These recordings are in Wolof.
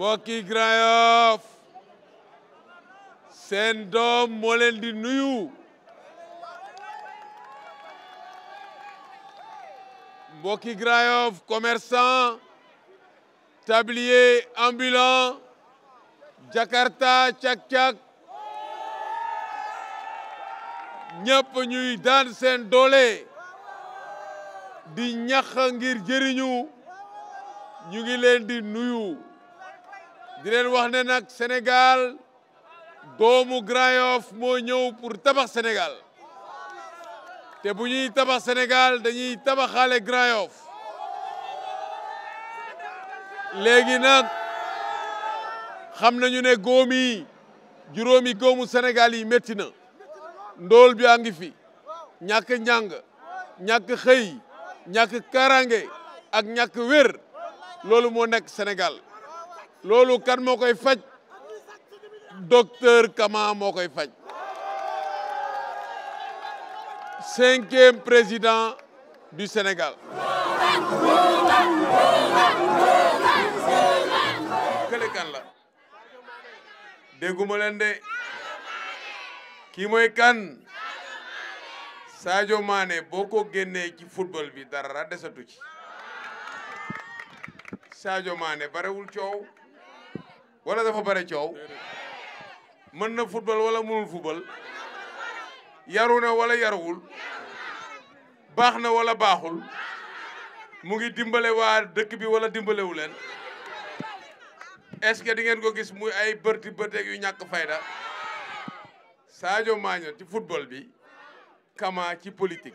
mbokki Grand seen doom moo di nuyu mbokki Grand Yoff commerçant tablier ambulant jakarta cak-cak ñëpp ñuy daan seen doole di ñax ngir jëriñu ñu ngi leen di nuyu di leen wax ne nag Sénégal doomu Grand Yoff moo ñëw pour tabax Sénégal te bu ñuy tabax Sénégal dañuy tabaxaale Grand Yoff léegi nag xam nañu ne góom juróomi góomu Sénégal yi métti na ndóol bi a fi ñàkk njàng ñàkk xëy ñàkk kaaraange ak ñàkk wér loolu moo nekk Sénégal loolu kan moo koy faj docteur Kama moo koy faj cinquième président du Sénégal kële kan la dégguma leen de kii mooy kan Sadio maane boo ko génnee ci football bi dara desatu ci maane Mané barewul coow wala dafa bare coow mën na football wala mënul football yaru na wala yaruwul baax na wala baaxul mu ngi dimbale waa dëkk bi wala dimbalewu leen que di ngeen ko gis muy ay bërti bërteeg yu ñàkk fayda Sadio Mané ci futbal bi Kama ci politik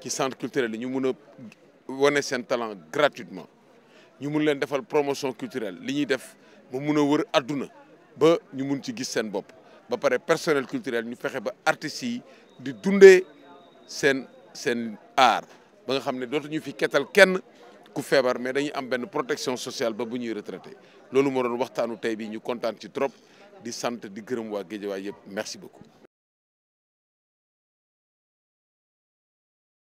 ci centre culturel ñu mëna woné sen talent gratuitement ñu mun leen defal promotion culturelle li ñuy def mu mëna wër aduna ba ñu mun ci gis sen bop ba paré personnel culturel ñu fexé ba artistes yi di dundé sen sen art ba nga xamné ne ñu fi kétal kenn ku fébar mais dañuy am ben protection sociale ba bu ñuy retraité lolu mo doon waxtanu tay bi ñu kontaan ci trop di sant di gërëm gëdjé wa yépp merci beaucoup